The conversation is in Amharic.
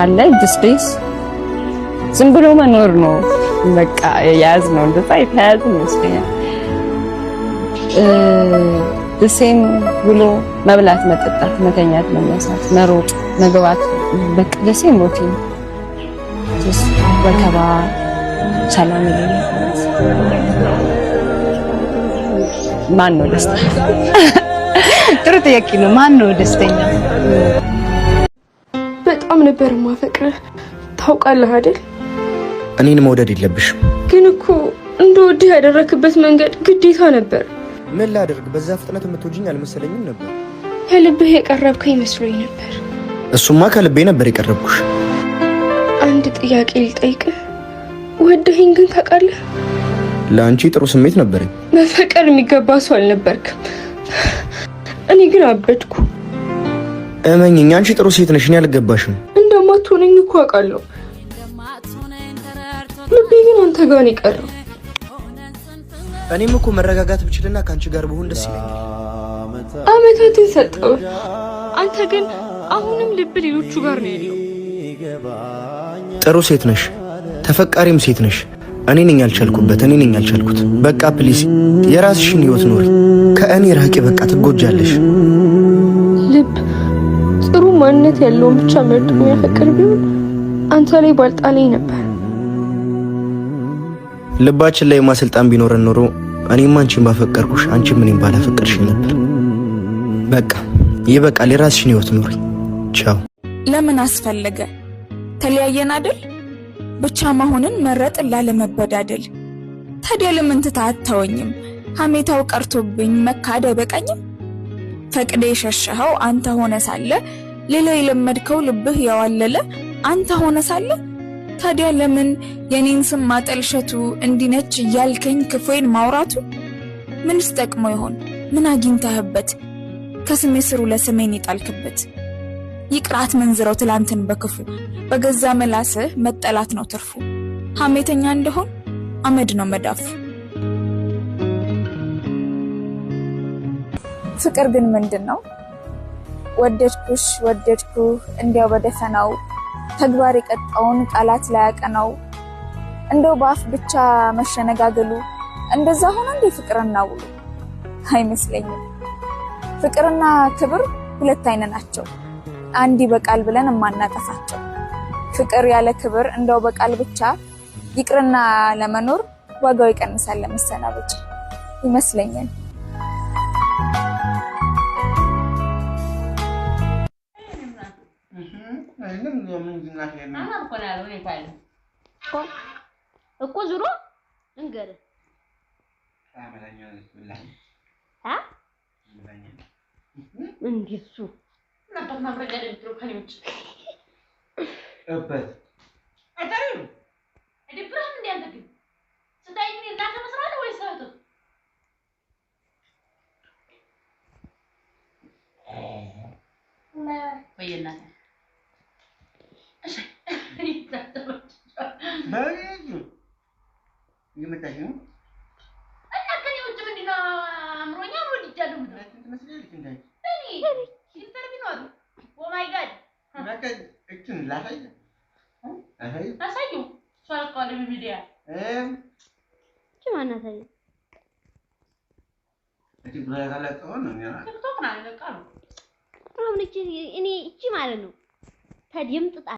አለ እጅ ስፔስ ዝም ብሎ መኖር ነው በቃ የያዝ ነው እንደዛ የተያዝ ነው ይመስለኛል። ሴም ብሎ መብላት፣ መጠጣት፣ መተኛት፣ መነሳት፣ መሮጥ፣ መግባት በቃ ደሴም ሮቲን ወከባ ሰላም ይለኝ ማን ነው ደስተኛ? ጥሩ ጥያቄ ነው። ማን ነው ደስተኛ? ነበር ማፈቅረህ ታውቃለህ አይደል? እኔን መውደድ የለብሽም። ግን እኮ እንደወድህ ያደረክበት መንገድ ግዴታ ነበር። ምን ላደርግ፣ በዛ ፍጥነት የምትወጂኝ አልመሰለኝም ነበር። ከልብህ የቀረብከ ይመስሎኝ ነበር። እሱማ ከልቤ ነበር የቀረብኩሽ። አንድ ጥያቄ ልጠይቅህ፣ ወደኸኝ ግን ታውቃለህ? ለአንቺ ጥሩ ስሜት ነበረኝ። መፈቀር የሚገባ ሰው አልነበርክም። እኔ ግን አበድኩ። እመኝኝ፣ አንቺ ጥሩ ሴት ነሽ፣ እኔ አልገባሽም። እንደማትሆነኝ እኮ አውቃለሁ። ልቤ ግን አንተ ጋር ነው የቀረው። እኔም እኮ መረጋጋት ብችልና ከአንቺ ጋር ብሆን ደስ ይለኛል። አመታትን ሰጠው። አንተ ግን አሁንም ልብ ሌሎቹ ጋር ነው ያለው። ጥሩ ሴት ነሽ፣ ተፈቃሪም ሴት ነሽ። እኔ ነኝ ያልቻልኩበት፣ እኔ ነኝ ያልቻልኩት። በቃ ፕሊስ፣ የራስሽን ህይወት ኖሪ። ከእኔ ራቂ፣ በቃ ትጎጃለሽ። ልብ ማንነት ያለውን ብቻ መርጦ የሚያፈቅር ቢሆን አንተ ላይ ባልጣለኝ ነበር። ልባችን ላይ ማሰልጣን ቢኖረን ኖሮ እኔም አንቺን ባፈቀርኩሽ፣ አንቺም እኔም ባላፈቀርሽኝ ነበር። በቃ ይበቃል። የራስሽን ህይወት ኑሪ። ቻው። ለምን አስፈለገ? ተለያየን አይደል? ብቻ መሆንን መረጥን ላለመበዳደል። ታዲያ ለምን ትተህ አታወኝም? ሀሜታው ቀርቶብኝ መካደ በቀኝም ፈቅደ የሸሸኸው አንተ ሆነ ሳለ ሌላ የለመድከው ልብህ ያዋለለ አንተ ሆነ ሳለ ታዲያ ለምን የኔን ስም ማጠልሸቱ እንዲነች እያልከኝ ክፉዬን ማውራቱ ምንስ ጠቅሞ ይሆን? ምን አግኝተህበት ከስሜ ስሩ ለስሜን ይጣልክበት? ይቅራት መንዝረው ትላንትን በክፉ በገዛ መላስህ መጠላት ነው ትርፉ። ሐሜተኛ እንደሆን አመድ ነው መዳፉ። ፍቅር ግን ምንድን ነው? ወደድኩሽ ወደድኩ እንዲያው በደፈናው ተግባር የቀጣውን ቃላት ላይ ያቀናው እንደው በአፍ ብቻ መሸነጋገሉ እንደዛ ሆኖ እንዴ ፍቅርና ውሉ አይመስለኝም። ፍቅርና ክብር ሁለት አይነ ናቸው፣ አንዲ በቃል ብለን የማናጠፋቸው። ፍቅር ያለ ክብር እንደው በቃል ብቻ ይቅርና ለመኖር ዋጋው ይቀንሳል ለመሰናበቻ ይመስለኛል። እኮ ዙሮ እንገርህ እንደሱ ወይ እናትህ የመታሽ ነው እና ከኔ ውጭ ምንድን ነው አምሮኛ ወድጃለሁ። ትመስላለች እንዳንቺ ሲስተር ቢኖር ኦማይ ጋድ እችን ላሳይ አሳየው እሷ ለቀዋል ሚዲያ እች ማናሳየ ቲክቶክ ና ለቃ ነው አሁን እቺ እኔ እቺ ማለት ነው ተደምጥጣ